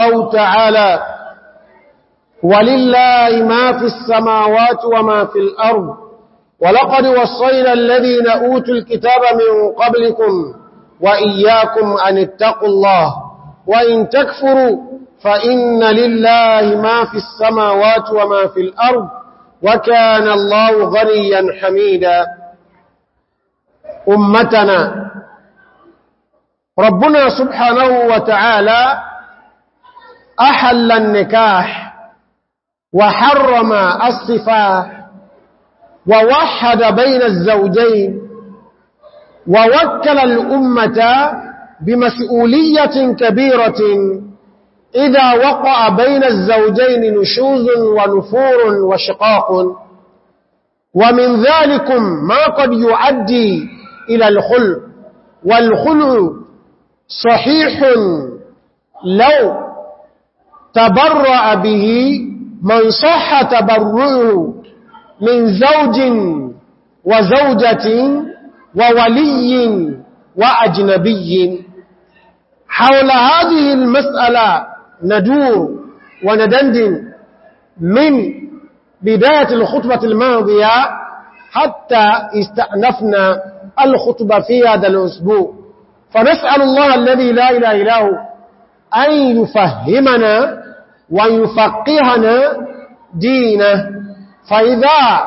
الله تعالى ولله ما في السماوات وما في الأرض ولقد وصينا الذين أوتوا الكتاب من قبلكم وإياكم أن اتقوا الله وإن تكفروا فإن لله ما في السماوات وما في الأرض وكان الله غنيا حميدا أمتنا ربنا سبحانه وتعالى أحل النكاح وحرم الصفاح ووحد بين الزوجين ووكل الأمة بمسؤولية كبيرة إذا وقع بين الزوجين نشوز ونفور وشقاق ومن ذلك ما قد يؤدي إلى الخلق والخلق صحيح لو تبرأ به من صح تبرعه من زوج وزوجة وولي وأجنبي حول هذه المسألة ندور وندندن من بداية الخطبة الماضية حتى استأنفنا الخطبة في هذا الأسبوع فنسأل الله الذي لا إله إله أن يفهمنا ويفقهنا دينه فإذا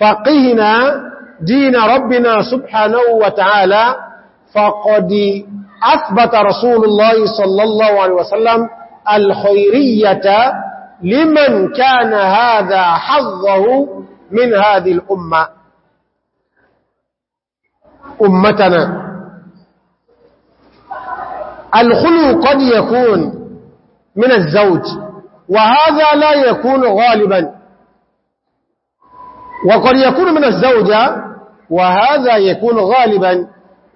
فقهنا دين ربنا سبحانه وتعالى فقد أثبت رسول الله صلى الله عليه وسلم الخيرية لمن كان هذا حظه من هذه الأمة أمتنا الخلو قد يكون من الزوج وهذا لا يكون غالبا وقد يكون من الزوجة وهذا يكون غالبا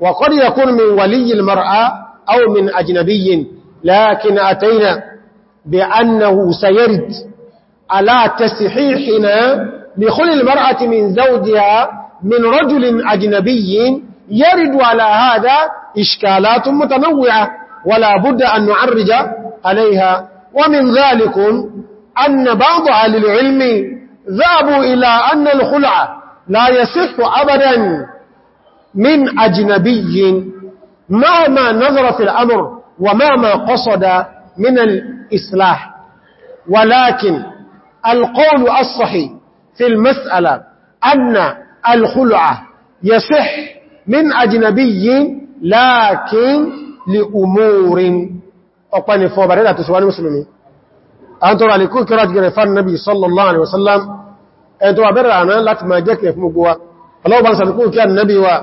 وقد يكون من ولي المرأة أو من أجنبي لكن أتينا بأنه سيرد على تسحيحنا لخل المرأة من زوجها من رجل أجنبي يرد على هذا إشكالات متنوعة ولا بد أن نعرج عليها ومن ذلك أن بعض أهل العلم ذهبوا إلى أن الخلع لا يصف أبدا من أجنبي مهما نظر في الأمر ومهما قصد من الإصلاح ولكن القول الصحي في المسألة أن الخلعة يصح من أجنبي لكن lè umorin ọ̀pá ní fọ́ bàrẹ́dà tó ṣíwá ní musulmi an tọrọ alikun kira jẹ́ fan nabi sallallahu alaihi wasallam ẹn tó wà bẹ̀rẹ̀ àná láti máa jẹ́ kẹfún gbogbo wa ọlọ́wọ́ bá ń sàlùkún kí annabi wa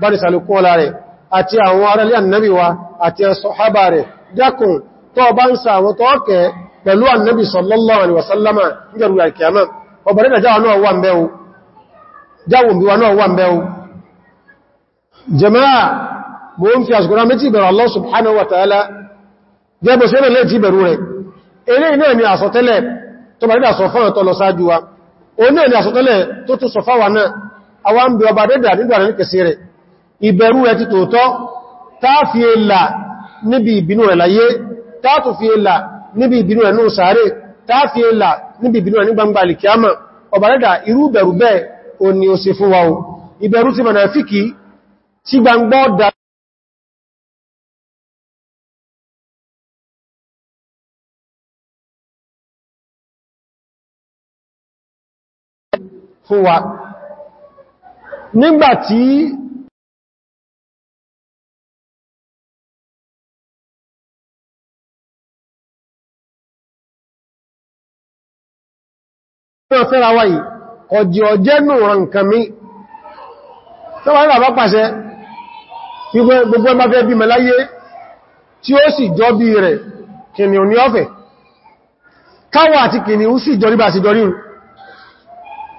bá ní sàlùkún ọlá rẹ̀ àti àwọn ará lé annabi wa àti sọ̀hábà rẹ̀ dákùn tó bá jáwọn náà wà ń bẹ́ẹ̀ jama'a mo ń fi àsìkò náà méjì bẹ̀rù Allah subhanahu wa ta'ala jẹ́bọ̀ sí ẹ̀rẹ̀ tí bẹ̀rù rẹ̀ eré iná ni àsọtẹ́lẹ̀ tó bàrídà sọ fọ́nà tó lọ sáájú wa o náà ni àsọtẹ́lẹ̀ tó tún sọ fáwà náà àwa ń bẹ ọba dẹ́dà nígbà rẹ̀ kẹsì rẹ̀ ìbẹ̀rù rẹ̀ ti tòótọ́ táàfi èlà níbi ìbínú rẹ̀ láyé táàtù fi èlà níbi ìbínú rẹ̀ nínú sàárè táàfi èlà níbi fún wa nígbàtí náà fẹ́ra wáyìí ọ̀dì ọ̀jẹ́ nù ràn nǹkan mi tó wà nílà bá pàṣẹ gbogbo ẹmà fẹ́ bí mẹ́láyé tí ó sì jọ bí rẹ̀ kìnnìún ní ọ̀fẹ́ káwà àti sì jọ jọ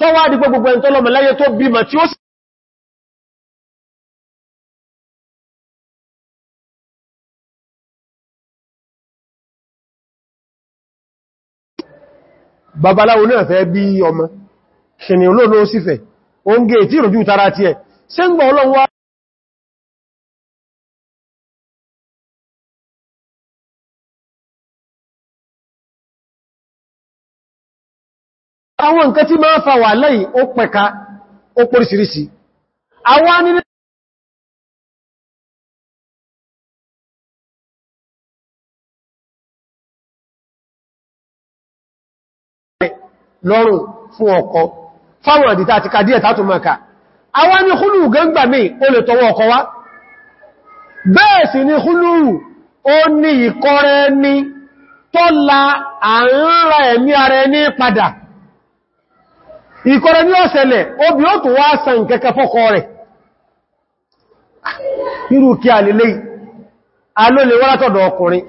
tó wá dípò gbogbo ẹni tó lọ́mọ láyé tó bímọ tí ó sì babaláwo náà fẹ́ bí ọmọ ṣe ni olóòlò sí oúnjẹ tí ìròjú tara ti ẹ̀ ṣe ń gbọ́ ọlọ́run àwọn nǹkan tí máa fa wà lẹ́yìn ó pẹ̀ka ó pòrísìírísìí àwọn nínú lọ́rùn fún ọkọ fáwọn àdìta àti kàdíẹ̀ tàtù maka àwọn ni húlù gẹ́gbà mí ó lè tọwọ́ ọkọ wá bẹ́ẹ̀ sì ni húlù ó ní ìkọrẹ ní tọ́la àárínra ẹ̀mí ara ẹni padà ìkọrẹ ní ọ̀sẹ̀lẹ̀ obi ó tó wá sàn kẹkẹ fọ́kọ rẹ̀ irú kí a lè léyìí látọ̀dọ̀ ọkùnrin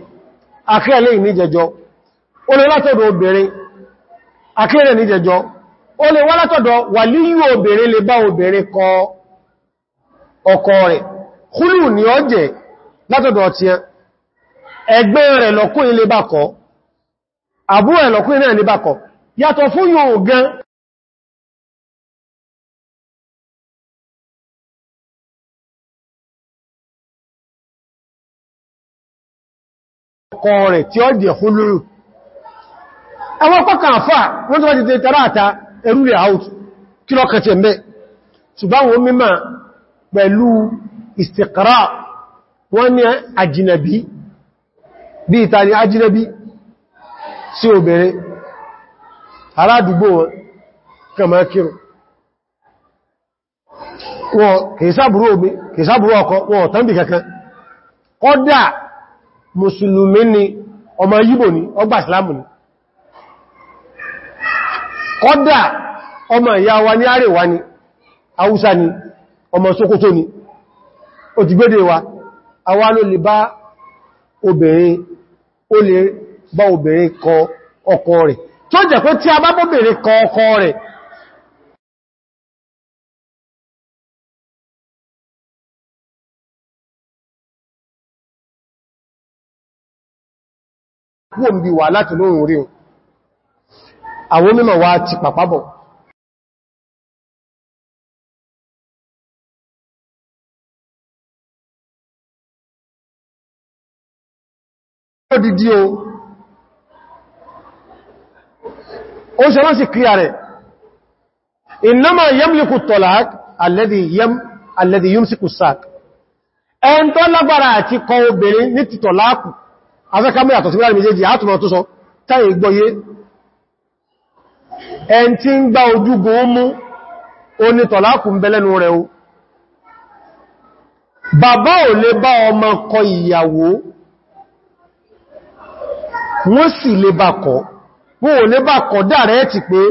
akẹ́lẹ̀ ní jẹjọ olè látọ̀dọ̀ obìnrin akẹ́lẹ̀ ní jẹjọ olè látọ̀dọ̀ ọkọ kọ na kọ yàtọ̀ fún yóò gan ọkọ rẹ̀ tí ó jẹ́ fúlúrù àwọn pọ́kà àfà wọ́n tó wá ti tẹ́tẹ́rà àta ẹrù rẹ̀ out kí lọ kẹtẹ̀ mẹ́ ṣùgbọ́n mímọ̀ pẹ̀lú istiqra wọ́n ní àjìnàbí bí ìtàlẹ̀ àjìnàbí sí obìnrin aládùgbò wọn kàmákírù wọn kìí mùsùlùmí ni ọmọ yíbò ni ọgbà ìsìlámù ni kọ́dà ọmọ ìyá wa ní àríwá ni haúsá ni ọmọ sókótó ni ó ti gbédè wa àwa ló lè bá obìnrin ó lè bá obìnrin kọ ọkọ rẹ̀ tó jẹ́ pé tí a bá bóbìnrin kọ ọkọ rẹ̀ kúrò ń bí wà láti lóòrùn rí àwọn mímọ̀ wá ti pàpábọ̀ dídí o ó ṣe wọ́n sì kíyà rẹ̀ innama yamliku at-talaq alladhi yumsiku as-saq ẹn tó lágbára àti kọ obìnrin ní títọ̀láàkù azẹ́kámẹ́ àtọ̀ sí wíra méjèèjì àtùmọ̀ tó sọ táyì gbọ́yé ẹn tí ń gbá ojúgun ó mú onítọ̀lákùn bẹ́lẹ́nu rẹ̀ o bàbá ò lè bá ọmọ kọ ìyàwó wọ́n sì lè bà kọ̀ wọ́n ò lè bà kọ̀ dáàrẹ́ ti pé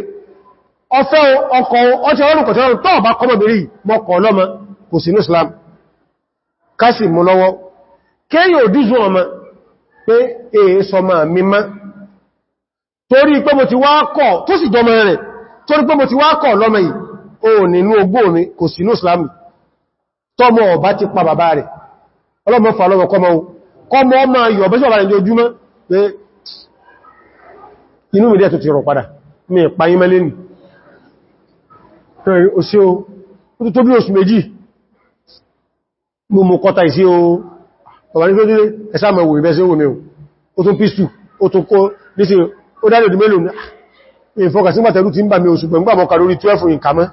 ọfẹ́ ọkọ̀ ọtí ọrùn kọ̀tí ọmọ pé èé sọmọ mímọ́ torí pé mo ti wá kọ̀ tó sì jọmọ rẹ̀ torí pé mo ti wá kọ̀ lọ́mọ yìí o nínú ogbó mi kò sínú Islam tọ́mọ ọba ti pa bàbá rẹ̀ ọlọ́mọ fà lọ́mọ kọmọ kọmọ ọmọ yọ bẹ́ṣọ́ bàbá rẹ̀ ojúmọ́ pé inú mi dẹ̀ tó ti rọ̀ padà mi ìpayín mẹ́lẹ́ nì ó tó bí oṣù méjì mo mú o ọ̀wà ní gbójú ẹ̀sàmọ̀wò ìbẹ̀ẹ́sẹ̀ owó mẹ́un ó tún pístù ó tún kó níṣe ó dáre ìdí mélòó ìfọkà ah, sí pàtàkì tí ń bà mí oṣù pẹ̀lú àmọ́kà lórí 12 ìkàmọ́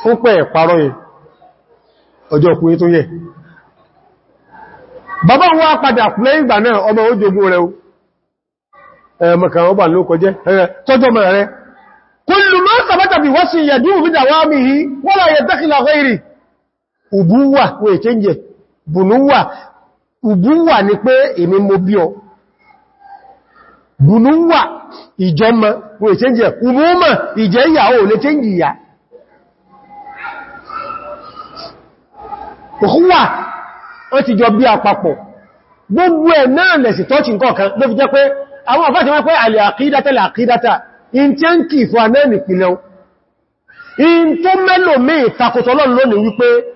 fún pẹ̀ parọ́ yẹn ọjọ́ ọkùnrin tó yẹ bàbá padà lẹ́yìn ìgbà náà ọmọ ó jogun rẹ̀ bùnúwà ìbúwà ni pé èmi mo bí ọ bùnúwà ìjọmọ wọ́n ìtẹ́jì ẹ̀ umúmọ̀ ìjẹ́ ìyàwó lè tẹ́jì ìyà òkúwà ti jọ bí àpapọ̀ gbogbo ẹ̀ náà lẹ̀sì tọ́ọ̀tì nǹkan ló fi jẹ́ pé àwọn àfáàtí wọ́n pé àlè àkídátà lè àkídátà in tí ń fún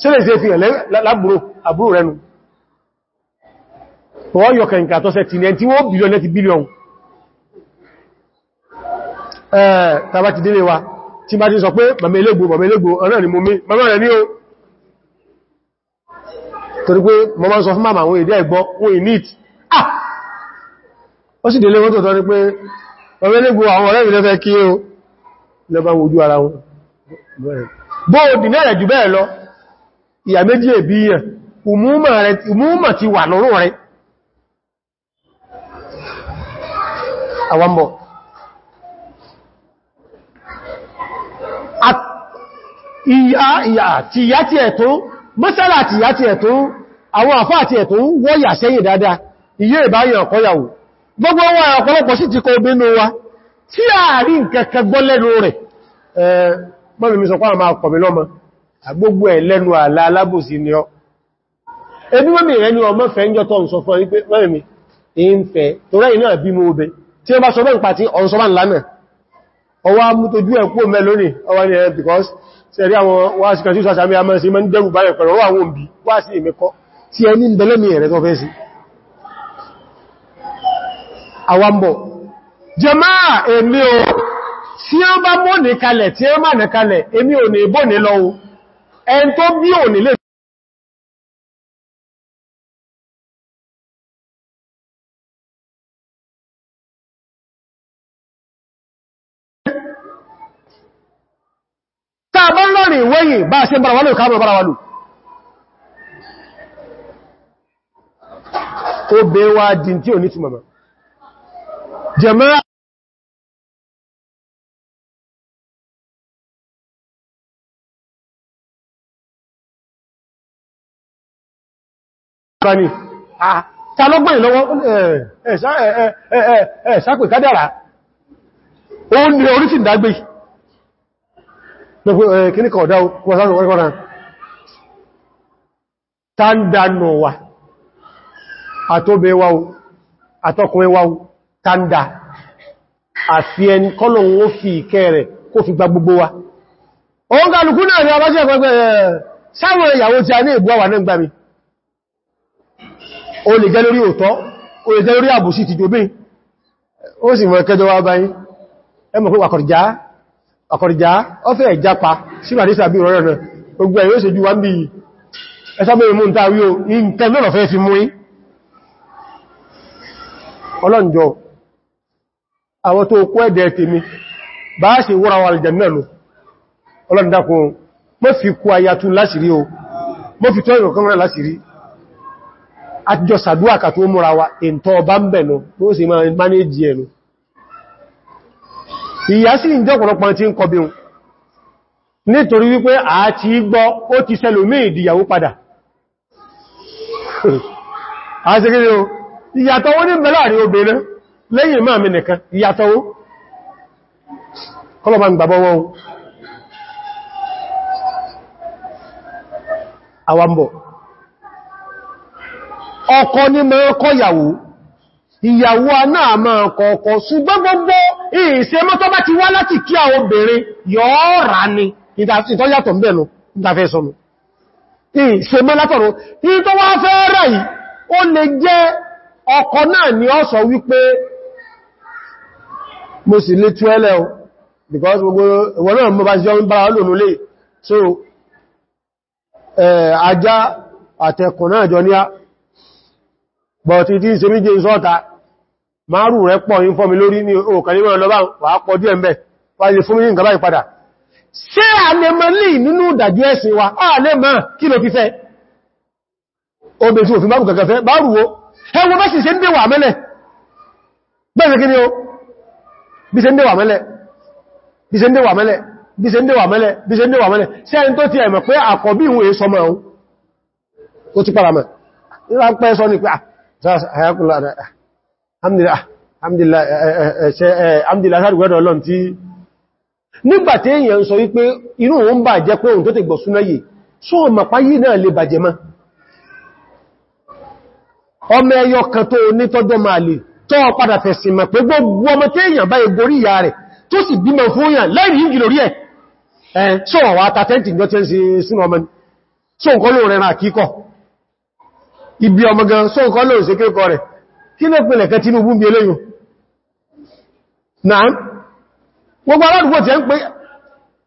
tí lè ṣe fi hàn lábúrò àbúrò rẹnu wọ́n yọ kẹ̀ǹkà tọ́sẹ̀ tí ní ẹn tí wọ́n bílíọ̀n lẹ́ti bílíọ̀n tàbá ti délé wa tí bá ti sọ pé màmí elégbò màmí elégbò ọ̀rẹ́ ni mo mí o torí pé mọ́ máa ń sọ fún màmá àwọn èdè ẹ̀gbọ́ wọ́n ì nít ah! ó sì o lẹ́bàá wojú ara wọn bóòdì náà jù bẹ́ẹ̀ lọ ìyà méjì èbí ụmụ umúmà ti wà lọ́rọ̀ rẹ̀ àwọ̀mbọ̀ ìyà ìyà ti ìyà ti ẹ̀tún mọ́sálà ti ìyà ti ẹ̀tún àwọn àfáà ti ẹ̀tún wọ́yà sẹ́yìn dáadáa ìyẹ́ ìbáyẹ̀ ọ̀kọ́yàwó gbogbo wọn ọ̀pọ̀lọpọ̀ sí ti kọ obínú wa tí ààrí nkẹ́kẹ́ rẹ̀ àgbógbó ẹ̀ lẹ́nu àlà alábòsí ni ọ ẹbí mọ́mí rẹ̀ ni ọmọ fẹ́ ń jọ tọ́ ǹsọ fún wípé mọ́mí ń fẹ́ tó rẹ̀ náà bí mo obẹ tí ó bá sọ bẹ́ẹ̀ pàtí ọ̀nsọ́ bá ọwá mú tó jú ni because sẹ́rí àwọn wáṣí kan tí ó sàmì àmọ́ sí mọ́ ń dẹ́rù báyẹ̀ pẹ̀lú àwọn òbí wáṣí ìmẹ́kọ́ tí ẹni ń bẹ̀lẹ́mì rẹ̀ tó fẹ́ sí àwambọ̀ jàmáà èmi o tí ó mọ́ nìkalẹ̀ tí èmi ò ní ìbò ní lọ́wọ́ ẹn tó bí ò nílé tàbí lọ́rin ìwéyìn bá ṣe bára wálò káàbọ̀ bára wálò obè wa dìntí ò ní túnmọ̀mọ̀ jẹ̀mẹ́rà nìkan ni ta ló gbọ́n ìlọ́wọ́ ẹ̀ẹ̀sápè kádàrà ó ní orí sì dágbé kíníkà ọ̀dá wọ́n ta ń dánà wà àtóbẹ̀ wáwú àtọkùnrin wáwú ta fi gba gbogbo wa ni a bá jẹ́ ẹ̀kọ́ sáwọn ti a o lè jẹ́ lórí òtọ́ o lè jẹ́ lórí àbòsí ti jòbí ó sì mọ̀ kẹjọ wá báyìí ẹmọ̀ pé àkọ̀rìjá ọfẹ́ ìjápa síbàdísà bí rọrọ̀ náà gbogbo ẹ̀yọ́ ìṣẹ́jú wá ń bí ẹsàbẹ̀rẹ̀ mú ń tàwí o ní nǹkan mẹ́rọ̀ fẹ́ fi kú ẹ̀dẹ̀ tèmi o mọ́ fi tọ́ ìrọ̀kan rẹ̀ láṣìírí àtijọ́ sàdúwà kàtí ó múra wa èntọ́ ọba ń bẹ̀ lọ bó sì máa mánéjì ẹnu ìyá sí ìjọ́ ọ̀pọ̀lọpọ̀ tí ń kọ bí un nítorí wípé àti gbọ́ ó ti sẹlòmí ìdíyàwó padà ìyàtọ̀ owó ní ọkọ ní mọ́ ọkọ ìyàwó ìyàwó náà máa ọkọ ọkọ ṣùgbọ́n gbogbo ìṣe mọ́tọ́ bá ti wá láti kí àwọn obìnrin yóò rà ní ìtọ́yàtọ̀ mẹ́lú ìtafẹ́ sọnù ìṣe mọ́ látọ̀rọ̀ fẹ́ ọkọ ni bọ̀tí tí ṣe méje ìṣọ́ta márùn rẹ̀ pọ̀ yí fọ́mi lórí ní òkànlẹ́mọ̀ ọlọ́bá wà pọ̀ díẹ̀ mẹ́ wà lè fún mi ní nǹkan báyìí padà ṣé àlẹ́mọ̀ nínú ìdàjú ẹ̀sìn wa àlẹ́mọ̀ kí ló fi fẹ́ obe tí òfin bábù kẹ̀kẹ́ fẹ́ bárù wo ẹwọ bẹ́ sì ṣe ń dẹ̀wà mẹ́lẹ̀ bẹ́ẹ̀ kí ni ó bí ṣe ń dẹ̀wà mẹ́lẹ̀ bí ṣe ń dẹ̀wà mẹ́lẹ̀ bí ṣe ń dẹ̀wà mẹ́lẹ̀ bí ṣe ń dẹ̀wà mẹ́lẹ̀ ṣe pẹ́ sọ ni pé ah, hayakula hamdìlá sárùgbẹ́dọ̀ ọlọ́run tí nígbàtí èyàn sọ wípé inú òun bà jẹ́ pé òun tó ti gbọ̀ súná yìí só náà lè bàjẹ́ mọ́ ọmọ ẹyọ kan tó nítọ́jọ́ máa lè tọ́ padà fẹ̀sìn mọ̀ pé gbogbo ọmọ tí bá egorí rẹ̀ tó sì fún ibi ọmọ gan só nǹkan lóòsè kéèkọ rẹ̀ kí ló pínlẹ̀ kẹ Tinubu ń bí eléyìn náà gbogbo aládùgbò tí ẹ ń pè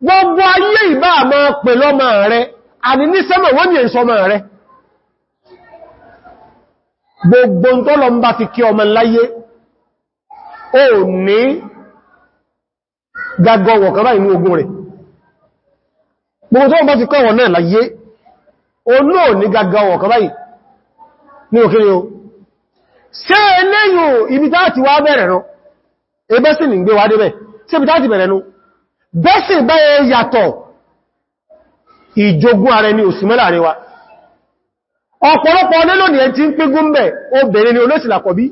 gbogbo ayé ìbá àmọ́ pẹ̀lú ọmọ rẹ̀ àní ní sẹ́mọ̀ wọ́n ní ìsọmọ rẹ̀ gbogbo tó lọ ń bá fi kí ọmọ náà láyé ó náà ní gagọwọ̀ kan báyìí ní òkèrè o ṣe eléyò ibi táàtì wá bẹ̀rẹ̀ rán ẹgbẹ́ sí ní gbé wá débẹ̀ ṣe ibi bẹ̀rẹ̀ nú bẹ́sì báyẹ yàtọ̀ ìjogún ààrẹ ni òsì mẹ́lá àríwá ọ̀pọ̀lọpọ̀ ọdẹ́ lónìí ẹn ti ń pín gúnbẹ̀ obìnrin ni olóṣìlà kọ̀bí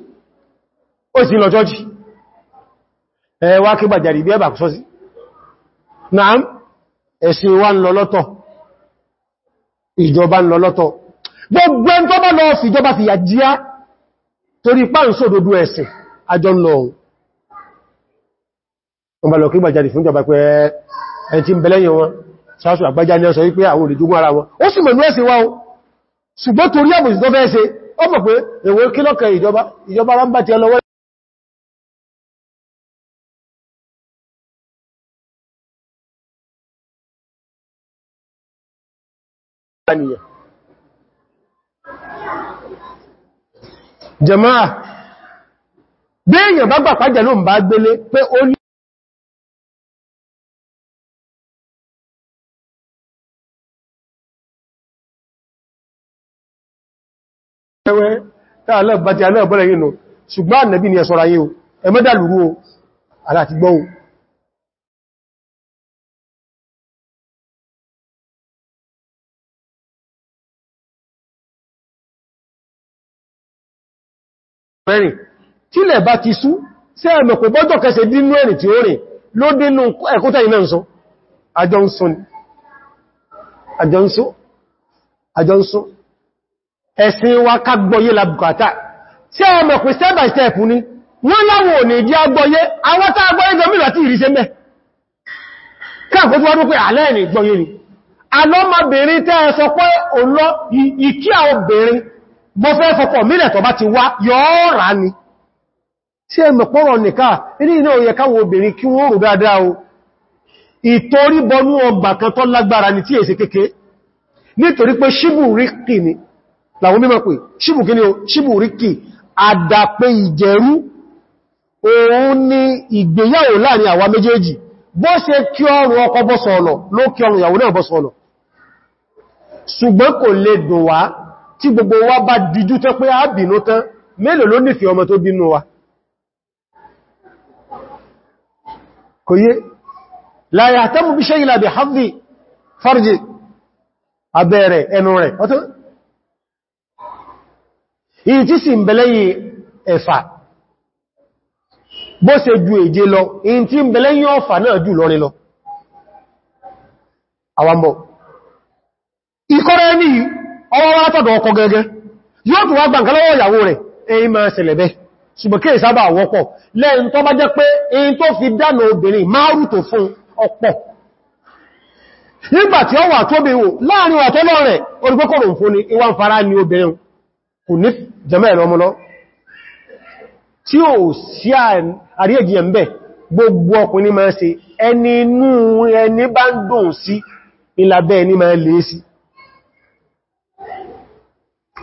ó sì lọ jọ́jì ẹwà kí gbàjàrí ìjọba ń lọ lọ́tọ̀ gbogbo ẹn tó bá lọ sí ìjọba fìyà jíá torí páà ń sódòdó ẹ̀sìn àjọ lọ wọn bá lọ kí gbàjáde fún ìjọba pé ẹn tí ń bẹ̀lẹ́yìn wọn sáàsù àgbájá ní ọ̀sọ̀ wípé ara wọn ó sì mẹ̀lú ẹ̀sìn o ṣùgbọ́n torí àbòsí jẹmáà bí èyàn bá gbàpá jẹ̀ ló ń bá gbélé pé ó ní ẹwẹ́ tààlẹ́ bàtí alẹ́ ọ̀bọ̀lẹ̀ yìí nù ṣùgbọ́n ànẹ́bí ni ẹ̀ṣọ́ra yìí o ẹmẹ́dàlúrú o aláti gbọ́ rìn tílẹ̀ bá ti sú sí ẹ̀mọ̀ kò bọ́jọ̀ kẹsẹ̀ dínú ẹ̀rìn tí ó rìn ló dínú ẹ̀kútẹ́ iná ǹsọ́ àjọ́nsó ẹ̀sìn wa kagbọ́yé labukata sí ẹ̀mọ̀ pín step by step ní wọ́n láwọn ò ní ìdí agbọ́yé àwọn tá agbọ́yé gọmìnà tí ìrìṣẹ́ mẹ́ káàkó tó wọ́n pẹ́ àlẹ́ ẹ̀nì gbọ́yé ni alọ́mọbìnrin tẹ́ ẹ sọ pé òun lọ ìkí àwọn obìnrin bó fẹ́ fọkọ̀ mílẹ̀ tọba ti wá yọ́ọ̀rá ni tí ẹ mẹ̀pọ̀rọ̀ nìká ilé iná òye káwọn obìnrin kí wọ́n rò dáadáa o ìtorí bọnú ọgbà kan tó lágbára ni tí èsì kéke nítorí pé ṣíbù ni làwọn mímọ̀ pé ṣíbù o ṣíbù ríkì àdàpé ìjẹ̀rú òun ni ìgbéyàwó láàrin àwa méjèèjì bó ṣe kí ọrùn ọkọ bọ́sọ̀ọ̀nà ló kí ọrùn ìyàwó náà bọ́sọ̀ọ̀nà ṣùgbọ́n kò lè dùn wá tí gbogbo wa bá dijú tẹ́ pé a bínú tán mélòó ló nífẹ̀ẹ́ ọmọ tó bínú wa kò yé la yahtamu bí ṣẹ́yìnlá bí hafzi farji abẹ́rẹ̀ ẹnu rẹ̀ ọ̀tọ̀ ìyí tí sì ń bẹ̀lẹ́yìn ẹ̀fà bó ṣe ju èje lọ ìyí tí ń bẹ̀lẹ́yìn ọ̀fà náà jù lọ́rin lọ àwambọ̀ ìkọ́rẹ́ ní ọwọ́ látọ̀dọ̀ ọkọ gẹ́gẹ́ yóò tún wá gbàǹkan lọ́wọ́ ìyàwó rẹ̀ èyí máa ṣẹlẹ̀bẹ́ ṣùgbọ́n kí ìsábà wọ́pọ̀ lẹ́yìn tó bá jẹ́ pé èyí tó fi dánà obìnrin ma tó fún ọpọ. nígbà tí wà tó bí láàrin wà tó lọ rẹ̀ fún ni ìwà fara obìnrin kò ní ẹ̀rọ tí ó sí gbogbo ọkùnrin máa ṣe ẹni inú ẹni bá ń dùn sí ẹni máa lè sí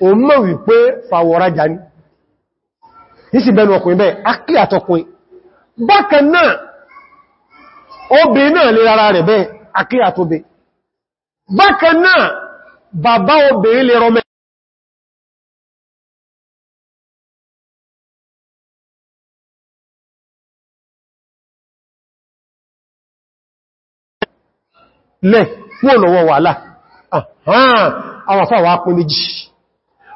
o mọ̀ wípé fàwọ̀rajà ní ìsì bẹnu ọkùnrin bẹ́ akí àtọkùnrin bákan náà obì náà lè rárá rẹ̀ bẹ́ akí àtọbẹ̀ bákan náà bàbá obì lè baba lẹ́ fún ọ̀nà wọ́n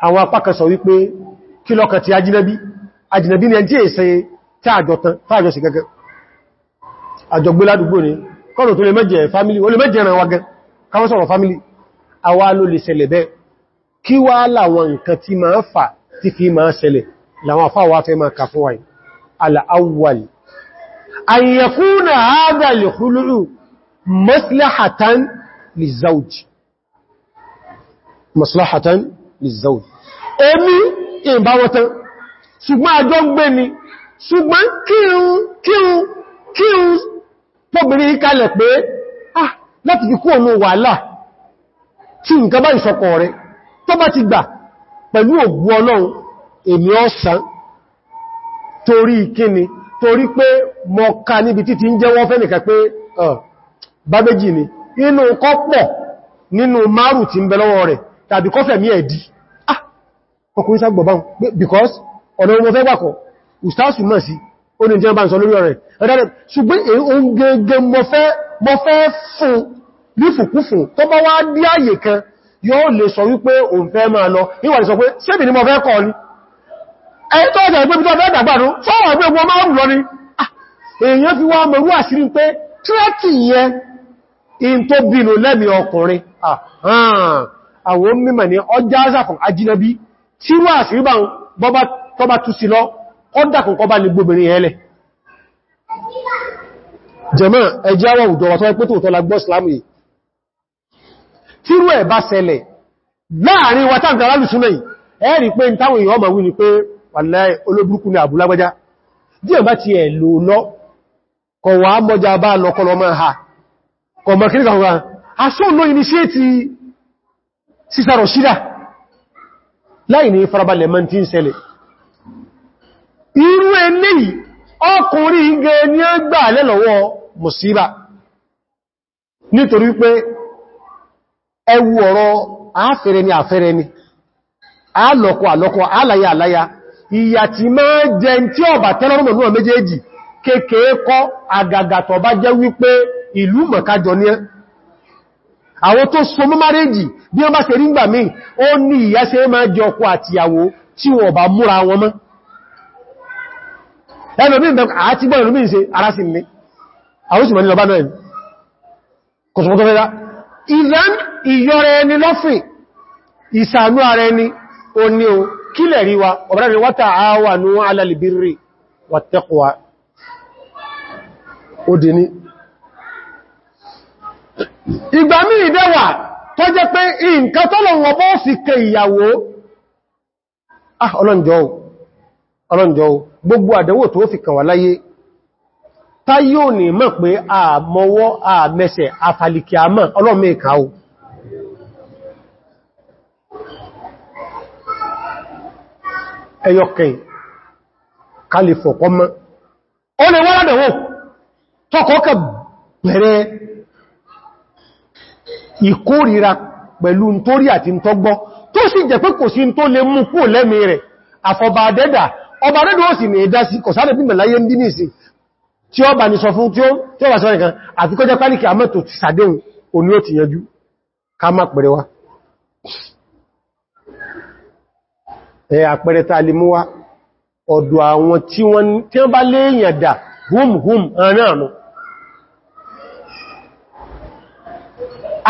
àwọn apákan sọ wípé kí lọ́kàn ti ajínẹ́bí ajínẹ́bí ni ẹjí èsẹ tààjọ sí gẹ́gẹ́ àjọgbé ládùgbò ní kọ́nà tó lè mẹ́jẹ̀ fámílì o lè mẹ́jẹ̀ ẹ̀rẹ̀ wagẹ́ káwọ́sọ̀rọ̀ fámílì àwa ló lè ṣẹlẹ̀ bẹ́ẹ̀ kí wá láwọn nǹkan tí ma ń fà tí fi ma ń ṣẹlẹ̀ láwọn maslahatan lizzaud èmi ìbáwọ̀tán ṣùgbọ́n àjọ ń gbé mi ṣùgbọ́n kírun kírun kírun pọ̀bìnrin kalẹ̀ pé ah láti fi kú ònú wàhálà tí nǹkan bá ìṣọ̀kọ̀ rẹ̀ tó bá ti gbà pẹ̀lú ògbú ọlọ́run èmi ọ̀sán torí kíni torí pé mọ ka níbi títí ń jẹ́wọ́ fẹ́ nìkan pé ah, bábéjì ni inú kọ́pọ̀ nínú márùn-ún tí ń bẹ lọ́wọ́ tàbí kọ́fẹ̀ mí ẹ̀dí ah ọkùnrin sá gbọ̀bá because ọ̀nà ohun ọ̀fẹ́ gbàkọ̀ ustaasu mọ̀ sí ó ní jẹ́ bá ń sọ lórí ọ̀rẹ́ ẹ̀dẹ́rẹ́ ṣùgbọ́n èyí oun gẹ́gẹ́ mọ́ fẹ́ fún lífùkú fún tó bá wá dí àyè kan yóò lè sọ wípé òun fẹ́ máa lọ ìwà ìsọ pé sẹ́bì ni mo fẹ́ kọ́ ni ẹ̀yí tó ọ̀sẹ̀ ìgbébí tó fẹ́ dàgbàrú fọ́wọ́ pé ogun ọmọ ọmọ lọ ni ah, èèyàn fi wá mọ̀rú àṣírí pé tírẹ́kì yẹn in tó bínú lẹ́mì ọkùnrin ah, àwọn mímọ̀ ní ọjá àzàfún ajínabi tí wà síríbà tọba tú sí lọ ọdàkùn kọba ní gbogbogbìn ẹlẹ̀ jẹ́mọ́ ẹjẹ́ àwọ̀ òjò tó ẹgbẹ́ tó tọ́ la gbọ́ ìsìlámù yìí tí rú ẹ̀ bá ṣẹlẹ̀ láàrin wátàǹkà lálùsúnà yìí pe pé táwọn èèyàn ọmọ wí ni pé wàláì olóbùrúkú ní àbúlágbájá díẹ̀ bá ti ẹ̀ lò lọ kọ̀wàá sísàrò ṣídà láì ní farabalẹ̀ mọ́ tí ń ṣẹlẹ̀. irú ẹni yìí ọkùnrin igẹ ní ó gbà lẹ́lọ́wọ́ mùsíbà nítorí pé ẹwu ọ̀rọ̀ ni àfẹ́rẹ́ ni àálọ́kọ̀ àlọ́kọ̀ alaya alaya ìyà tí máa jẹ tí ọba tẹ́lọ́rùn àwọn tó so mọ́ márèjì bí wọ́n bá ṣe rí ń gbà mí ó ní ìyá ṣe máa jẹ ọkọ àtìyàwó tí wọ́n bá múra wọn mọ́ ẹlòmí ìbẹ̀kọ̀ àti gbọ́ ìlúmí ìṣe ara sí ní àwọn òṣìmọ̀ ni kò wa ọ̀bẹ̀rẹ̀ wátà àwà ní alàlìbírì ìgbà mí ìdẹ́wà tó jẹ́ pé nǹkan tọ́lọ̀wọ̀ bọ́ fi kẹ ìyàwó ah, ọlọ́njọ́ gbogbo àdánwò tó fi kàn wà láyé ta yíò ní mọ́ pé àmọ́wọ́ àmẹ́sẹ̀ àfàlìkì àmọ́ ọlọ́mẹ́ẹ̀ká o kalifọ̀kọ́ mọ́ ó lè ìkórìíra pẹ̀lú nítorí àti tọ́gbọ́ tó sì jẹ́ pé kò sí tó lè mú kú lẹ́mí rẹ̀ àfọba dẹ́dà ọba dẹ́dà ó sì ní ẹ̀dá sí kọ̀sáré bí mẹ̀láyé ń bí ní ìsìn tí ọba ní sọ fún tí ó wà sọ nìkan àti kọjẹ́ pálíkì àmẹ́tò ti sàdéhùn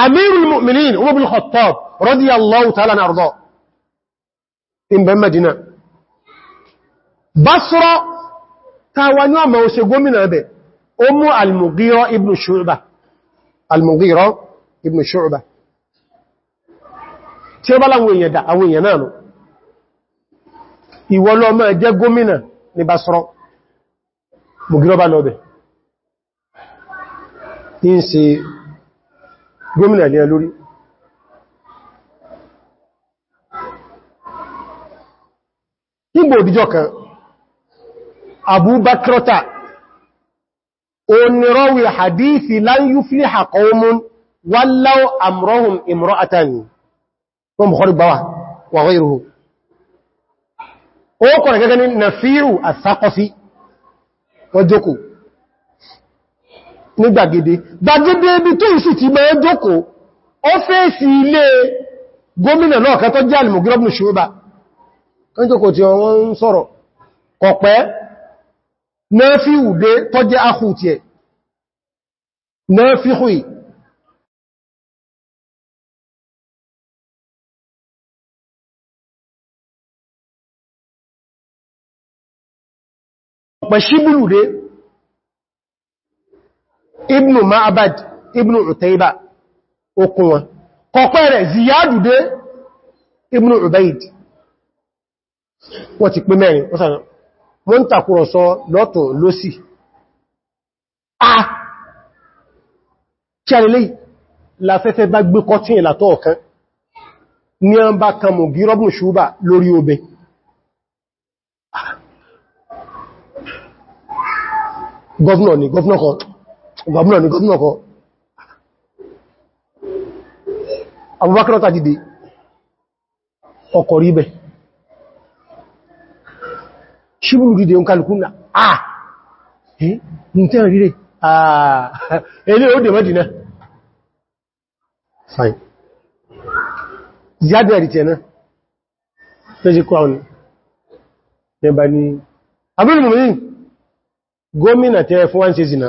Amirul Mu'minin Umar bin Khattab radiyallahu ta'ala na arda in bẹ̀ Madina Basra táwa ní ọmọ òṣè gómìnà ẹbẹ̀ ó mú Al-Mughira ibn Shu'ba Al-Mughira ibn Shu'ba tí ó bá láwọn èèyàn dà àwọn èèyàn náà nù ìwọ lọ máa jẹ́ gómìnà ní Basra Mughira bá lọ bẹ̀ ń ṣe gómìnà ní ẹlórí nígbò òdíjọ́ kan abúbákrọ́ta onírọ́wì hadithi lan yufliha qawmun wallaw amrahum imra'atan wọn bukhari gbawa wa ghayruhu ó kọ̀rọ̀ gẹ́gẹ́ ní nàfíìrù àsákọ́sí wọ́n jókòó ní gbàgede gbàgede ibi tó ìsì ti mẹ́ jókò ó fèsì ilé gómìnà náà kẹtọ́ jẹ́ alìmọ̀gírọ́bùn ṣúrúbà kan jókò tí wọ́n ń sọ̀rọ̀ kọ̀pẹ́ náà fi ibnu ma'abad ibnu utaiba okun wọn kọ̀pẹ́ rẹ̀ ziyadude ibnu ubaid wọ́n ti pín mẹ́rin wọ́n tàkùrọ̀sọ lọ́tọ̀ lọ́sì a kẹrìlẹ̀ láfẹ́fẹ́ bá gbé kọtí ìlàtọ̀ ọ̀kan ní a ń bá kàmù gírọ́bùn ṣúbà lórí obe gọ́vnà ni gọ́vnà kan gọ̀mùnà ní gọ̀mùnà kọ abubakirata dìde ọkọ̀ rí bẹ̀ ṣíbùrù dìde ń kálùkú náà àà ní tẹ́rẹ̀ rí rẹ̀ àà ilé ó dè mẹ́dìnà fine ziyadẹ̀ ẹ̀rì tẹ̀ náà tẹ́jì kọ́ àwọn gómìnà tẹ́ fún wáńsẹ̀ zina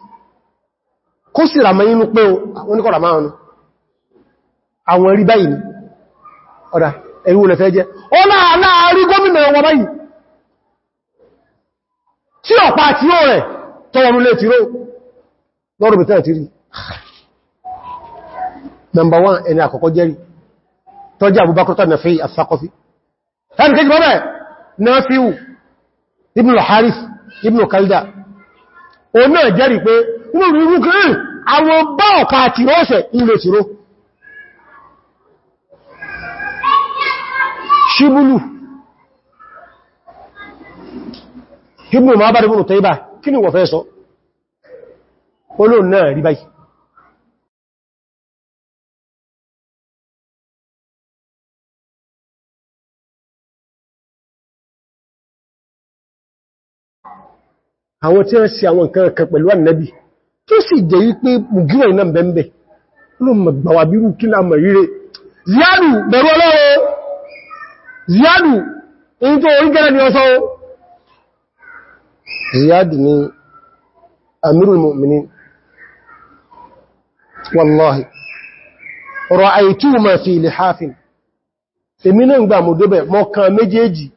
kó sì ràmọ́ inú pé wọ́n ní kọ́ ràmọ́ ọ̀nà àwọn ẹ̀rí báyìí ni ọ̀dá ẹ̀rí olè fẹ́ jẹ́ ó láàárí gómìnà wọn báyìí tí ọ̀pá tí ó rẹ̀ tọwọ́nú lè tí ró lọ́rọ̀ bẹ̀tẹ̀ tí rí na na fi ibn al-Harith ibn Kalda o náà inú rúrú kìí àwọn bá ọ̀ká àti rọ́ọ̀sẹ̀ ilé ìṣòro ṣíbúlù ibùn ma bá rí múrù tẹ́ibà kí ni wọ́n fẹ́ sọ olóòn náà rí báyìí àwọn tí wọ́n sí àwọn nǹkan kan pẹ̀lú ànẹ́bì tó sì jẹ́ wípé mùgírọ̀ iná bẹ̀m̀bẹ̀ ló mọ̀ gbàwà bírú kí lámọ̀ ríre ziyadu bẹ̀rù ọlọ́rọ̀ ziyadu in tó orí gẹ́rẹ́ ni ọsọ́ ziyadu ni amirul mu'minin wallahi ra'aytuhuma fi lihafin èmi náà gbà mọ̀ débẹ̀ mọ́ kan méjèèjì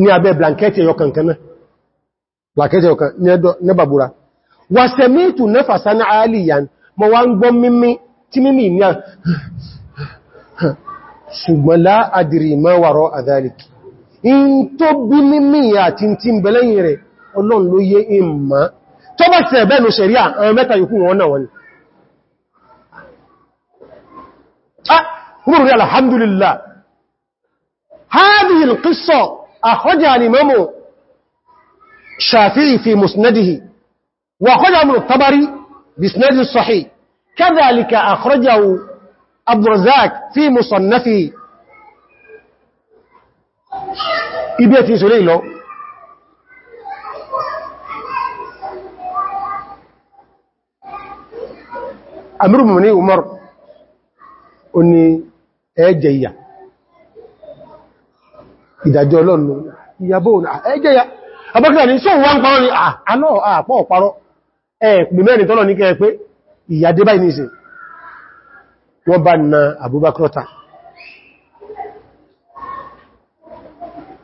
ní abẹ́ blanketi ẹyọ kankaná blanketi ẹyọ kan ní ẹbàbúra wàsẹ̀mítù nẹ́fàsá ní àálìyàn mọ̀ wá ń gbọ́ mímí tí mímí ní à ṣùgbọ́n láàdìrì máa wàrọ àdáríkì in tó bí mímí àti tí ń bẹ̀lẹ́yìn rẹ̀ ọlọ́n ló yé ìmá tó bá ti ẹ̀bẹ́nu ṣẹ̀rí àwọn mẹ́ta yòókù fi musnadihi وخرج من الطبري بسند صحيح كذلك أخرجه عبد الرزاق في مصنفه إبيتي سليلو أمر مني أمر أني أجيّا ìdájọ́ ọlọ́run ìyàbò ẹjẹ́yà abọ́kìlá ní sóòwò wọ́n ń parọ́ ní àlọ́ àpọ̀ ọ̀parọ́ ẹ̀pù mẹ́rin tọ́lọ ní kẹ́ pé ìyàdé báyìí ní ìsìn wọ́n bá na àbúbákrọ́ta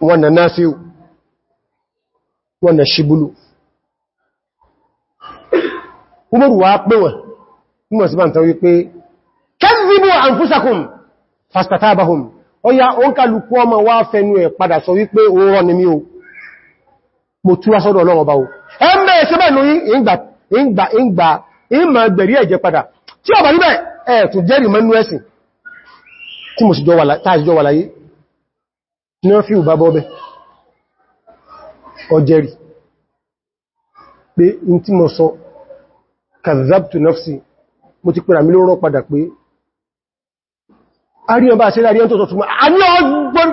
wọ́n na násíù wọ́n na ṣíbúlù umaru wa pé wọn mímọ̀ sí bá ń tàwí pé kẹ́zìbò àǹfúsakùn fastatabahum ó yá ó ń kàlùkú ọmọ wá fẹnu ẹ̀ padà sọ wípé ìgbà ìgbà ìmọ̀ gbẹ̀rí ẹ̀jẹ̀ padà tí ọba níbẹ̀ ẹ̀ẹ̀tù jẹ́rì mẹ́nu ẹ̀sìn tí mo sì jọ wà láyé ní wọ́n fi ìbá bọ́ọ̀bẹ̀ ọjẹ́rì pé in tí mo sọ kazabtu nafsi mo ti pèrà mí ló rọ́ padà pé a rí ọba àṣírí àríyàn tó tọ́tùmọ́ a ní ọgbọ́n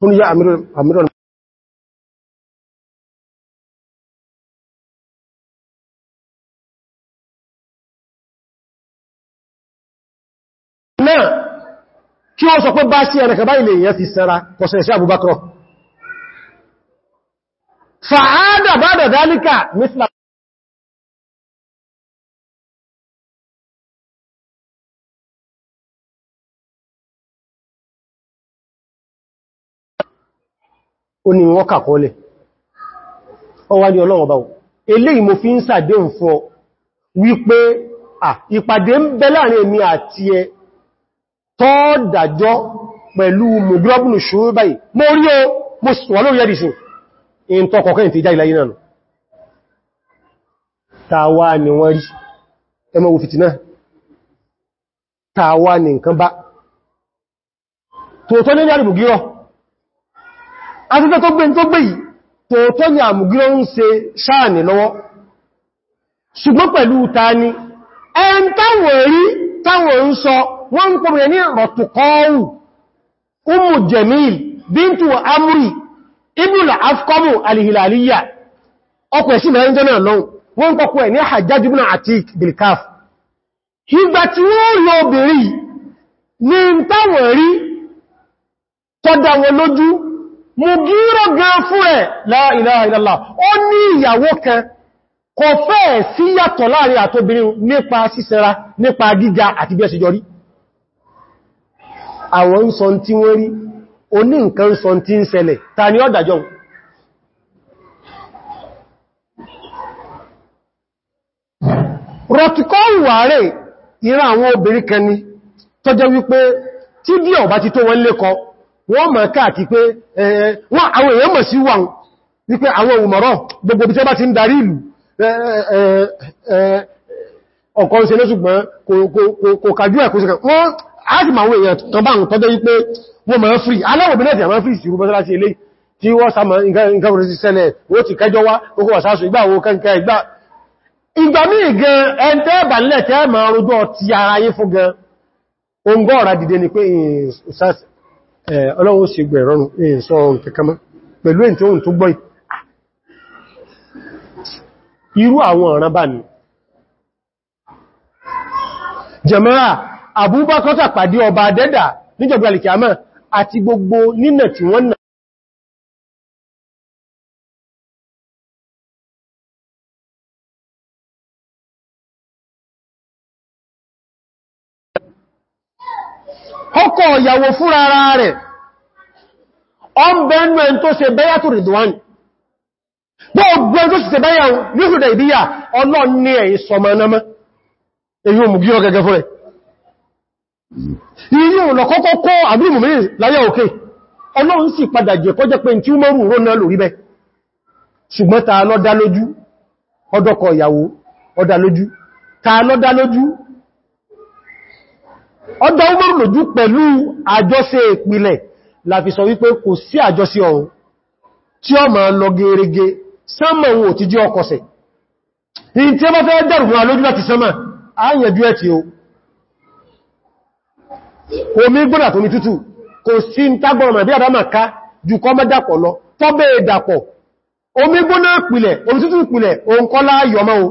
kun ya amiral náà kí wọ́n sọ pé bá sí ẹnìkàbá ilé ìyẹn fi sẹ́ra kọsẹ̀ sí àbúbákrọ̀ fa'ádà bá dà dálíkà ó ní wọ́n kàkọọ́lẹ̀ ọwá ní ọlọ́run báwọ̀ eléyìí mo fi ń sàdéhùn fún ọ wípé ìpàdé ń bẹ láàrin èmi àti ẹ tó dájọ́ pẹ̀lú mùdúrọ́bùnù ṣúrú báyìí mo rí o mo wà lórí ẹ̀dìsìn in tó kọ̀kẹ́ ni wọ́n rí ni nǹkan bá tòótọ́ ní àrìbùgírọ̀ afẹ́fẹ́ tó gbé tó gbé yìí tòótọ́ ni àmùgírọ́ ń ṣe sáàni lọ́wọ́ ṣùgbọ́n pẹ̀lú ta ni ẹn táwọn rí táwọn ń sọ wọ́n ń pọ̀mù ní rọ̀tùkọ́ọ̀wù umu jamil bíntù amúrì ibùlà afkọ́mù alìhìlàlíyà na Mugira gan fún ẹ̀ la ilaha illallah ó ní ìyàwó kan kò fẹ́ sí yàtọ̀ láàrin àtobìnrin nípa sísẹra nípa gíga àti bí ẹ̀sì jọrí àwọn ń sọ tí wọ́n rí oní nǹkan sọ tí ń ṣẹlẹ̀ ta ni ó dájọ́ rọ̀tíkọ́ ìwàrẹ̀ ìran àwọn obìnrin kan tọ́jẹ́ wípé tí bí ó ti tó wọn lékọ̀ọ́ wọ́n ma káàkì pé wọ́n àwọn èèyàn mọ̀ sí wọn wípé àwọn òmọ̀rọ̀ gbogbo bí tẹ́ bá ti ń darí ìlú ọ̀kan ṣe lóṣùgbọ́n kò kàjú ẹ̀kú sí wọ́n á sì máa èèyàn kan bá ń tọ́jọ́ wípé wọ́n ma ń fìrì aláwọ̀bìnẹ́tì àmá fìrì sí rúbọ́sọ́lá sí ilé tí wọ́n sá nǹkan orí sí sẹ́lẹ̀ ó ti ma ti ara yé fún gan oúnjẹ́ ọ̀rà dìde ni pé Eh, ọlọ́run sì gbẹ̀ ìrọ̀rùn èyí sọ ọrùn kẹkẹmọ́ pẹ̀lú èyí tí ó ń tó gbọ́ irú àwọn ọ̀ràn bá ní jẹ̀mọ́ra àbúbákọ́tà pàdé ọba dẹ́dà adẹ́dà níjọba alìkìyàmọ́ àti gbogbo nínà tí wọ́n ọkọ̀ fúra fúnra ara rẹ̀ ọ ń ẹn tó ṣe bẹ́yà tó rìdùwán gbogbo ẹn tó ṣe bẹ́yà yóò ṣùdẹ̀ ìbíyà ọlọ́n ẹ̀yìn sọmọ́nàmá èyí ò mú gí ọgẹ́gẹ́ fún rẹ̀ inú lọ́kọ́kọ́ kó àbúrùmù ọdọ́ umaru lójú pẹ̀lú àjọṣe ìpìlẹ̀ láfi sọ wípé kò sí àjọṣe ọ̀hún tí ó máa lọ gẹ́rẹ́gẹ́ sánmà ohun òtí jí ọkọ̀sẹ̀ in tí ó bá fẹ́ dẹ̀rù wọn lójú láti sánmà àyànjú ẹ̀ tí ó omi gbọ́nà tó mi tútù kò sí ń tágbọ́nà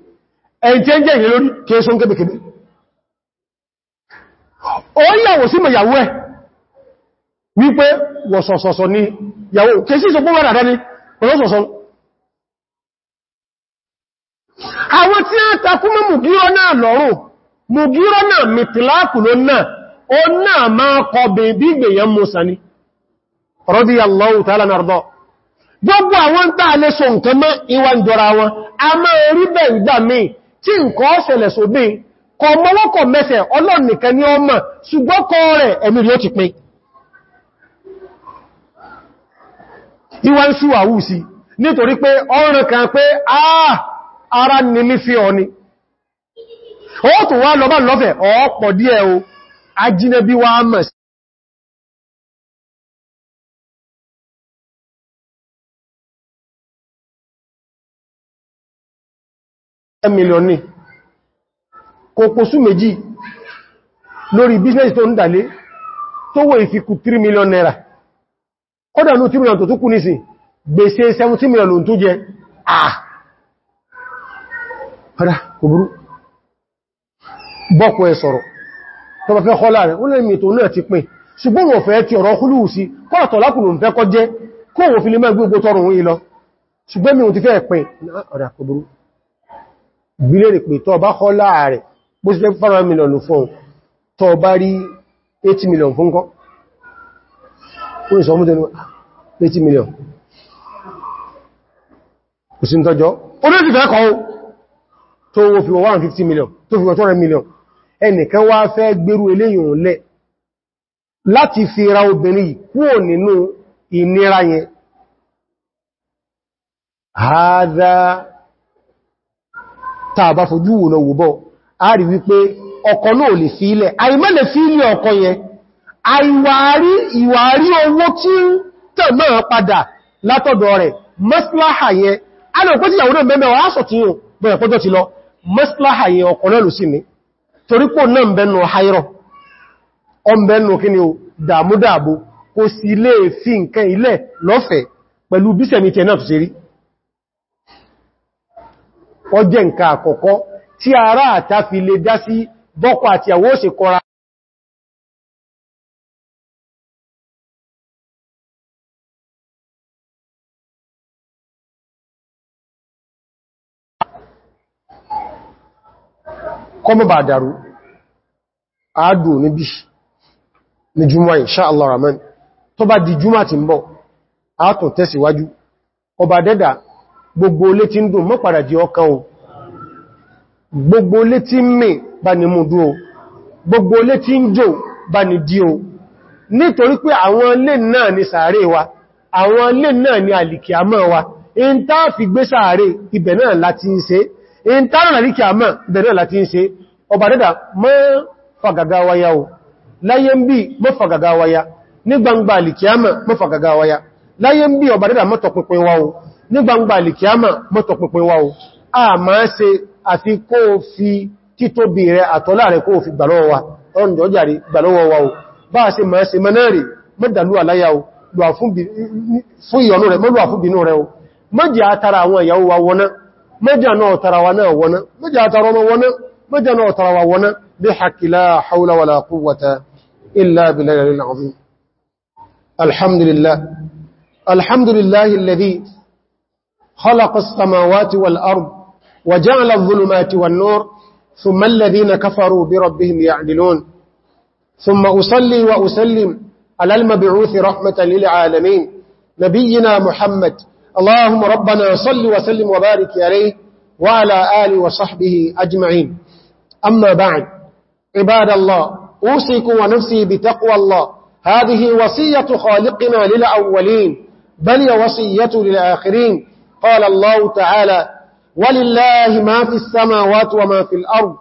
ẹ̀yìn tí ó ń jẹ́ ìrìn lórí kí é ṣó ń kébèkébé ó yàwó sí yàwó ẹ̀ wípé wọ̀sọ̀sọ̀sọ̀ ni yàwó kí sí ìṣọ́pọ̀ wà rárá ní ọlọ́sọ̀sọ̀ àwọn tí a takú mọ́ mùgírọ́ náà lọ́rùn mùgírọ́ náà mìtìlákùló náà ó náà máa kọ bèbí ìgbèyàn musa ni gbogbo àwọn so nǹkan iwa ìwà ìjọra wọn a máa rí bẹ̀ tí nǹkan ọ̀sẹ̀lẹ̀ sóbí kọ mọ́wọ́kọ̀ mẹ́sẹ̀ Ọlọ́run ni ọmọ ṣùgbọ́kọ rẹ̀ ẹ̀mí rí ó ti pín ìwọ́n ń ṣúwà wù sí nítorí pé ọ̀rùn kan pé ah, ara nílé fi ọ ó tó wá lọ bá lọ́fẹ̀ ọ̀pọ̀ díẹ̀ o ajínẹbí wa mọ̀ million ní kòkòsú méjì lórí business tó ń dàlé tó wọ ìfikù 3 million naira kọ́dà ní 3 million tó tó kú nísìn gbèsè 17 million lòun tó jẹ àà ah! padà kò burú bọ́kù ẹ sọ̀rọ̀ tó bá fẹ́ kọ́ láàrin ó lẹ́mì tó náà ti pín ṣùgbọ́n wọ́n fẹ́ ti ọ̀rọ̀ kúlù sí kọ́ọ̀tọ̀ lákùnrin fẹ́ kọ́ jẹ́ kó wọ́n fi lè mẹ́ gbogbo tọrùn ìlọ ṣùgbọ́n mi ò ti fẹ́ pín ọ̀dà kò burú bílẹ̀ rẹ̀ pé tọ́ bá kọ́ láàrẹ̀ bó sí fẹ́ fara mílọ̀nù fún tọ́ bá rí 80 mílọ̀n fún kọ́ ó ní sọmúdẹ̀ ní 80 mílọ̀n kò sí tọ́jọ́ ó ní ti fẹ́ kọ́ tó wo fi wọ́n 150 tó fi wọ́n 200 mílọ̀n ẹnìkan wá fẹ́ gbérú Hada tàbá fojú wò lọ́wọ́ bọ́ a rí wípé ọkọ̀ náà lè fi ilẹ̀ àìmẹ́lẹ̀ fi ilẹ̀ ọkọ̀ yẹn àìwàárí ìwàárí owó tí ń tẹ̀ náà padà látọ̀dọ̀ rẹ̀ mọ́síláhà yẹn a lè pẹ́ tíyàwó náà mẹ́mẹ́ wàásọ̀ tí yóò bẹ̀rẹ̀ pọ́jọ́ ti pẹ̀lú bísẹ̀mì náà tó ṣe rí ọjẹ́ nǹkan àkọ́kọ́ tí ara àta fi lè dá sí àti kọra kọmọ bá àádùn níbi ní jùmọ́ tó bá di jùmọ́ gbogbo olé tí ń dùn mọ́ padà di ọkàn o gbogbo olé tí ń mì bá ní mú dúó gbogbo olé tí ń jò bá ní dí o nítorí pé àwọn ilé náà ni sàárè wa àwọn ilé náà ni àlìkìámọ́ wa in tá fi gbé sàárè ibẹ̀ náà láti ń ṣe in tá rán àlìkìámọ́ ibẹ̀ náà láti ń ṣe ọba dẹ́dà mọ́ fàgàgà wáyá o láyé ń bí mọ́ fàgàgà wáyá ní gbangba àlìkìámọ́ mọ́ fàgàgà wáyá láyé ń bí ọba dẹ́dà mọ́ tọpinpin wa o ní gbangba alìkìyàmà mọ́tọ̀ pínpín wa o a máa ṣe àfi kó fi títóbi rẹ àtọ́lá rẹ kó fi gbàlọ́wọ́ wa ọ̀rọ̀ jàrí gbàlọ́wọ́ wa o bá ṣe máa ṣe mẹ́nẹ́rì mọ́dàlú aláyà o lọ fún ìyọnú rẹ mọ́lúwà fún bínú rẹ o mọ́jẹ́ àtàrà àwọn ìyàwó wa wọná mọ́jẹ́ náà tàrà wa náà wọná mọ́jẹ́ àtàrà ọmọ wọná mọ́jẹ́ náà خلق السماوات والأرض وجعل الظلمات والنور ثم الذين كفروا بربهم يعدلون ثم أصلي وأسلم على المبعوث رحمة للعالمين نبينا محمد اللهم ربنا صل وسلم وبارك عليه وعلى آله وصحبه أجمعين أما بعد عباد الله أوسيك ونفسي بتقوى الله هذه وصية خالقنا للأولين بل وصية للآخرين قال الله تعالى ولله ما في السماوات وما في الأرض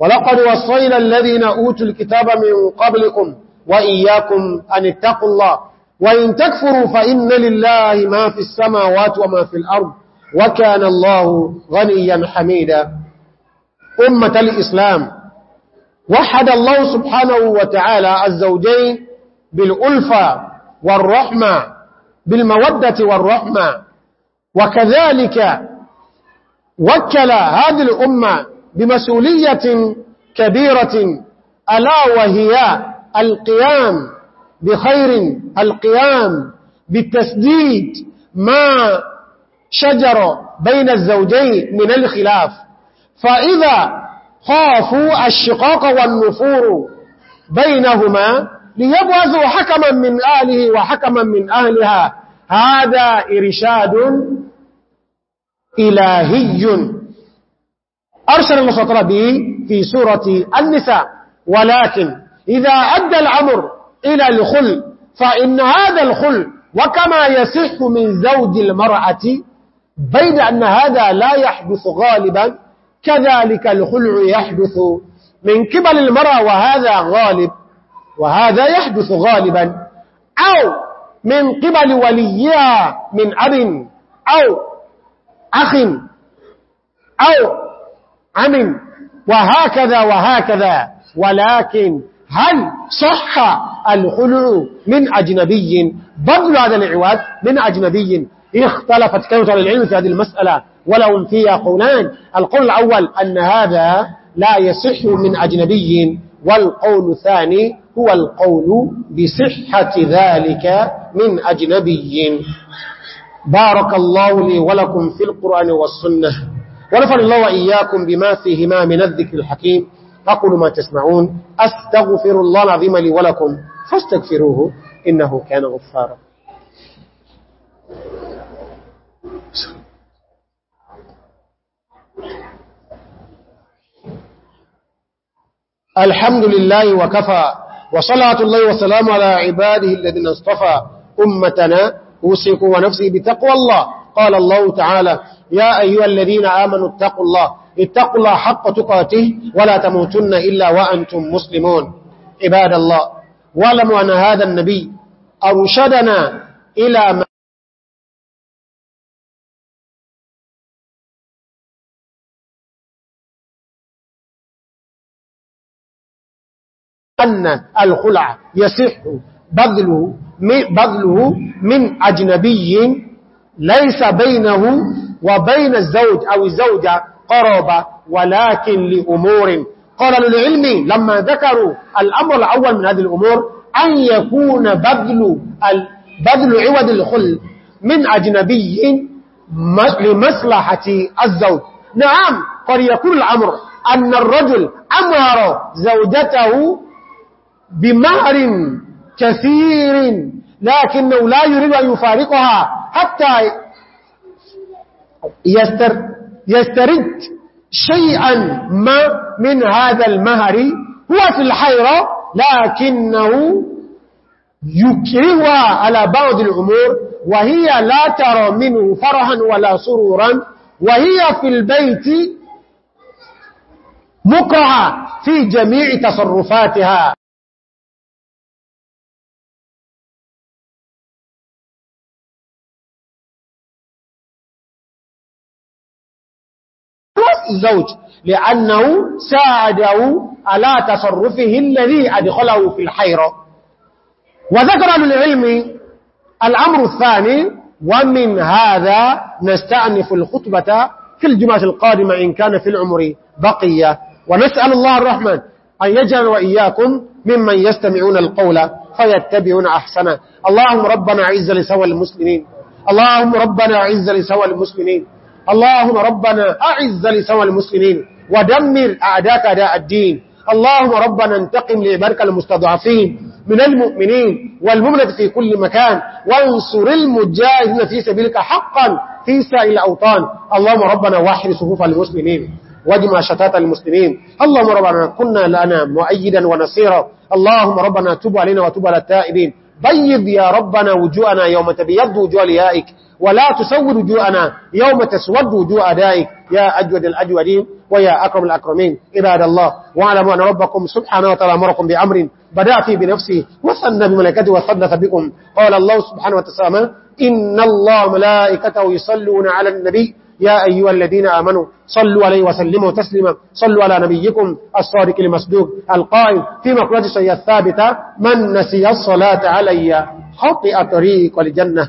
ولقد وصينا الذين أوتوا الكتاب من قبلكم وإياكم أن اتقوا الله وإن تكفروا فإن لله ما في السماوات وما في الأرض وكان الله غنيا حميدا أمة الإسلام وحد الله سبحانه وتعالى الزوجين بالألفة والرحمة بالمودة والرحمة وكذلك وكل هذه الأمة بمسؤولية كبيرة ألا وهي القيام بخير القيام بالتسديد ما شجر بين الزوجين من الخلاف فإذا خافوا الشقاق والنفور بينهما ليبعثوا حكما من أهله وحكما من أهلها هذا إرشاد إلهي أرسل المسطرة به في سورة النساء ولكن إذا أدى الأمر إلى الخل فإن هذا الخل وكما يصح من زوج المرأة بيد أن هذا لا يحدث غالبا كذلك الخلع يحدث من قبل المرأة وهذا غالب وهذا يحدث غالبا أو من قبل وليها من أب أو أخ أو عم وهكذا وهكذا ولكن هل صح الخلع من أجنبي بذل هذا العواد من أجنبي اختلفت كلمة العلم في هذه المسألة ولهم فيها قولان القول الأول أن هذا لا يصح من أجنبي والقول الثاني هو القول بصحة ذلك من أجنبي بارك الله لي ولكم في القرآن والسنة ونفعل الله وإياكم بما فيهما من الذكر الحكيم أقول ما تسمعون أستغفر الله العظيم لي ولكم فاستغفروه إنه كان غفارا الحمد لله وكفى وصلاة الله وسلام على عباده الذين اصطفى أمتنا أوصيكم ونفسي بتقوى الله قال الله تعالى يا أيها الذين آمنوا اتقوا الله اتقوا الله حق تقاته ولا تموتن إلا وأنتم مسلمون عباد الله واعلموا أن هذا النبي أرشدنا إلى ما أن الخلع يصح بذله بذله من أجنبي ليس بينه وبين الزوج أو الزوجة قرابة ولكن لأمور قال للعلم لما ذكروا الأمر الأول من هذه الأمور أن يكون بذل, بذل عوض الخل من أجنبي لمصلحة الزوج نعم قد يكون الأمر أن الرجل أمر زوجته بمهر كثير لكنه لا يريد أن يفارقها حتى يستر يسترد شيئا ما من هذا المهر هو في الحيرة لكنه يكرهها على بعض الأمور وهي لا ترى منه فرحا ولا سرورا وهي في البيت مكرهة في جميع تصرفاتها الزوج لأنه ساعده على تصرفه الذي أدخله في الحيرة وذكر للعلم الأمر الثاني ومن هذا نستأنف الخطبة في الجمعة القادمة إن كان في العمر بقية ونسأل الله الرحمن أن يجعل وإياكم ممن يستمعون القول فيتبعون أحسنه اللهم ربنا عز لسوى المسلمين اللهم ربنا عز لسوى المسلمين اللهم ربنا أعز لسوى المسلمين ودمر أعداك أداء الدين اللهم ربنا انتقم لعبارك المستضعفين من المؤمنين والمؤمنة في كل مكان وانصر المجاهدين في سبيلك حقا في سائل الأوطان اللهم ربنا وحر صفوف المسلمين واجمع شتات المسلمين اللهم ربنا كنا لنا مؤيدا ونصيرا اللهم ربنا تب علينا وتب على التائبين بيض يا ربنا وجوهنا يوم تبيض وجوه ليائك ولا تسود وجوهنا يوم تسود وجوه أدائك يا أجود الأجودين ويا أكرم الأكرمين عباد الله واعلموا أن ربكم سبحانه وتعالى أمركم بأمر بدأ فيه بنفسه وثنى بملكته وثلث بكم قال الله سبحانه وتعالى إن الله ملائكته يصلون على النبي يا أيها الذين آمنوا صلوا عليه وسلموا تسلما صلوا على نبيكم الصادق المصدوق القائل في مقرد الشيء الثابت من نسي الصلاة علي خطئ طريق للجنة